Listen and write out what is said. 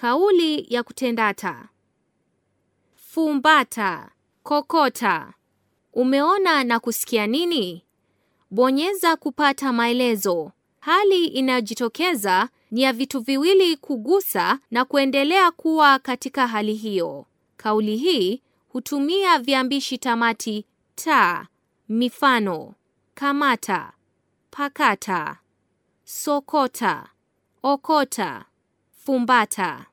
Kauli ya kutendata. Fumbata, kokota. Umeona na kusikia nini? Bonyeza kupata maelezo. Hali inayojitokeza ni ya vitu viwili kugusa na kuendelea kuwa katika hali hiyo. Kauli hii hutumia viambishi tamati ta. Mifano: kamata, pakata, sokota, okota. Fumbata